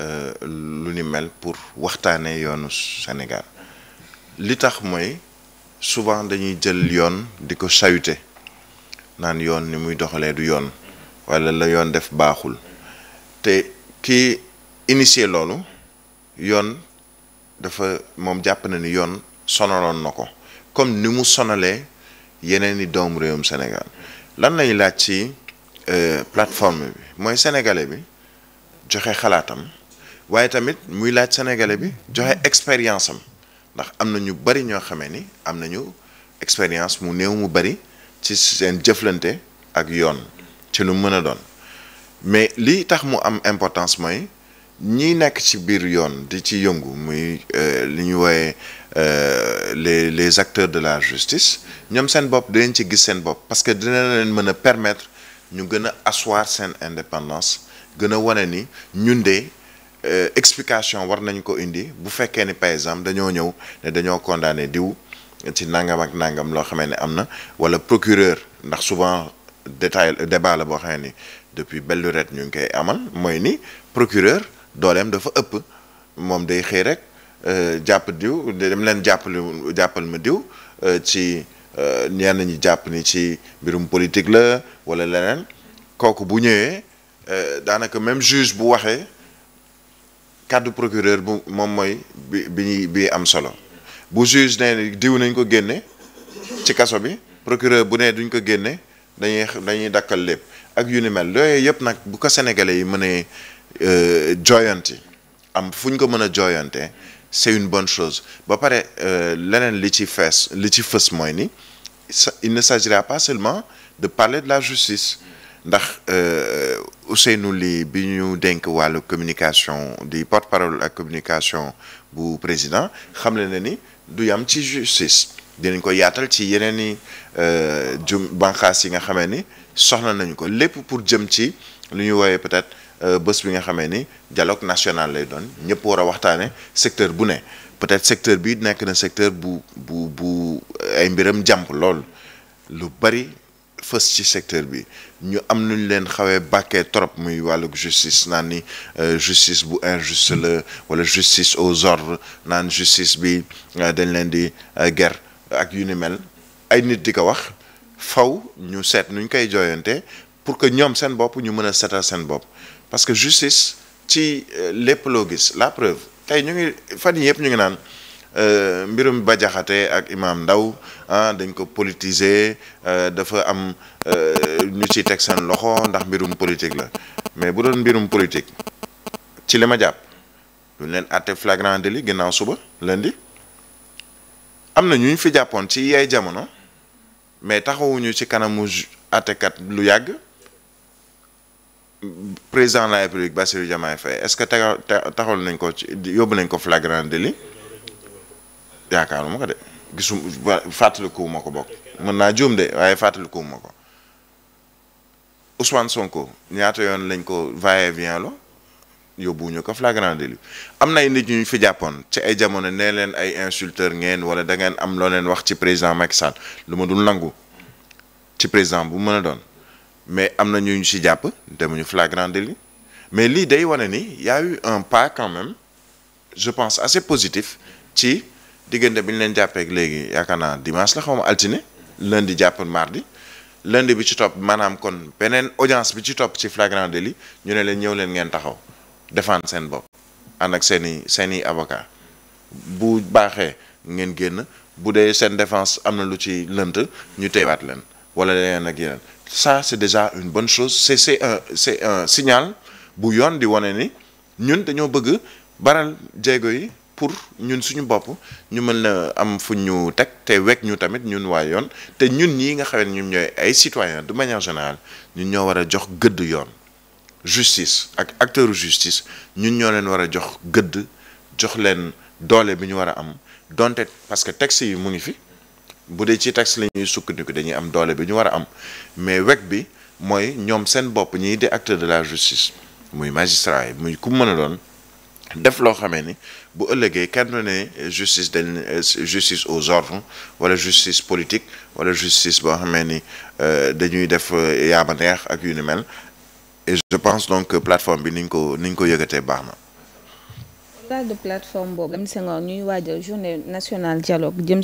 Euh, lu ni mel pour waxtaanee yoonu Sénégal li tax mooy souvent dañuy jël yoon di ko sayute naan yoon ni muy doxalee du yoon walla la yoon def baaxul te ki initier loolu yoon dafa moom jàpp na ni yoon sonaloon na ko comme ni mu sonalee yeneen i doomu réewum senegal lan lañu laaj ci euh, plateforme bi mooy sénégalais bi joxe xalaatam. waaye tamit muy laaj sénégalais bi joxe expérience am ndax am na ñu bari ñoo xamee ni am nañu expérience mu néew mu bari ci seen jëflante ak yoon ci lu mën a doon mais li tax mu am importance mooy ñi nekk ci biir yoon di ci yëngu muy euh, li ñu wooyee euh, les les acteurs de la justice ñoom seen bopp dinañ ci gis seen bopp parce que dina mën a permettre ñu gën a assoir seen indépendance gën a wane ni ñun de. Euh, explication war nañ ko indi bu fekkee ni par exemple dañoo ñëw ne dañoo condamné diw ci nangam ak nangam loo xamee ne am na wala procureur ndax souvent détail débat la boo xamee ni depuis belle lurette ñu ngi koy amal mooy nii procureur dooleem dafa ëpp moom day xëy rek euh, jàpp diw dem leen jàppal jàppal ma diw euh, ci ñenn ñi jàpp ni ci mbirum politique la wala leneen kooku bu ñëwee daanaka même juge bu waxee. kàddu procureur bu moom mooy bi bi ñuy bi am solo bu juge nee diw nañ ko génne ci kaso bi procureur bu nee duñ ko génne dañuy dañuy dakkal lépp ak yu ni mel yooyu yëpp nag bu ko sénégalais yi mënee euh, jooyanti am fu ñu ko mën a jooyante c'est une bonne chose ba pare euh, leneen li ci fees li ci fës mooy ni il ne s'agira pas seulement de parler de la justice ndax euh, nu lii bi ñu dénk wàllu communication di porte-parole ak communication bu président xamle na ni du yam ci justice dinañ ko yaatal ci yeneen i euh, jum banqaas yi nga xamee ni soxna nañu ko lépp pour jëm ci lu ñuy woowee peut-être euh, bés bi nga xamee ni dialogue national lay doon ñëpp war a waxtaane secteur bu ne peut-être secteur bi nekk na secteur bu bu bu ay mbiram jàmp lool lu bari fës ci secteur bi ñu am nuñu leen xawee bàkkee trop muy wàllug justice naan ni euh, justice bu injuste la wala justice au ordres naan justice bi euh, dañ leen di euh, ger ak yu ni mel ay nit di ko wax faw ñu seet nuñ koy joyante pour que ñoom seen bopp ñu mën a seetal seen bopp parce que justice ci lépp loo gis la preuve tey ñu ngi fan yii yëpp ñu ngi naan Euh, mbirum Bah ak Imam ndaw ah dañ ko politiser euh, dafa am euh, ñu ci teg seen loxo ndax mbirum politique la mais bu doon mbirum politique ci li ma jàpp duñ leen àtte flagrant délit ginnaaw suba lundi am na ñu ñu fi jàppoon ci yay jamono mais taxawuñu ci kanamu àttekat lu yàgg président de la république Bassirou Diomaye Faye est-ce que taxawal nañ ko ci yóbbu nañ ko flagrant délit yaakaaruma ko de gisu gisum fàttalikuwuma ko bokk mën naa juum de waaye fàttalikuwuma ko Ousmane Sonko ñaata yoon lañ ko vaillé vient lo yóbbuwuñu ko flagrant délit am na ay nit ñu fi jàppoon ci ay jamono nee leen ay insulteur ngeen wala da ngeen am loo leen wax ci président Macky Sall lu ma dul nangu ci président bu mën a doon mais am na ñu ñu si jàpp demuñu flagrant délit mais lii day wane ni y eu un pas quand même je pense assez positif ci. diggante bi ñu leen jàppee léegi yaakaar naa dimanche la xaw ma altine lundi jàpp mardi lundi bi ci topp maanaam kon beneen audience bi ci topp ci flagrant li ñu ne leen ñëw leen ngeen taxaw défendre seen bopp ànd ak seen i seen i avocat bu baaxee ngeen génn bu dee seen défense am na lu ci lënt ñu teewaat leen wala leneen ak yeneen ça c'est déjà une bonne chose c'est c'est un signal bu yoon di wane ni ñun dañoo bëgg baral jéego yi pour ñun suñu bopp ñu mën a am fu ñu teg te wekk ñu tamit ñun waa yoon te ñun ñii nga xam ne ñun ñooy ay citoyens du manière générale ñun ñoo war a jox gëdd yoon justice ak acteur justice ñun ñoo leen war a jox gëdd jox leen doole bi ñu war a am donte parce que texte yi mu ngi fi bu dee ci texte la ñuy sukkandiku dañuy am doole bi ñu war a am mais wekk bi mooy ñoom seen bopp ñiy di acteur de la justice muy magistrat yi muy ku mën a doon. def loo xamee ni bu ëllëgee kenn ne justice au euh, justice aux ordres wala justice politique wala justice boo xamee ni euh, dañuy def euh, yaama neex ak yu ni mel et je pense donc que plateforme bi niñ ko niñ ko yëgatee baax na. on parle de plateforme boobu. ñuy waajal journée nationale dialogue jëm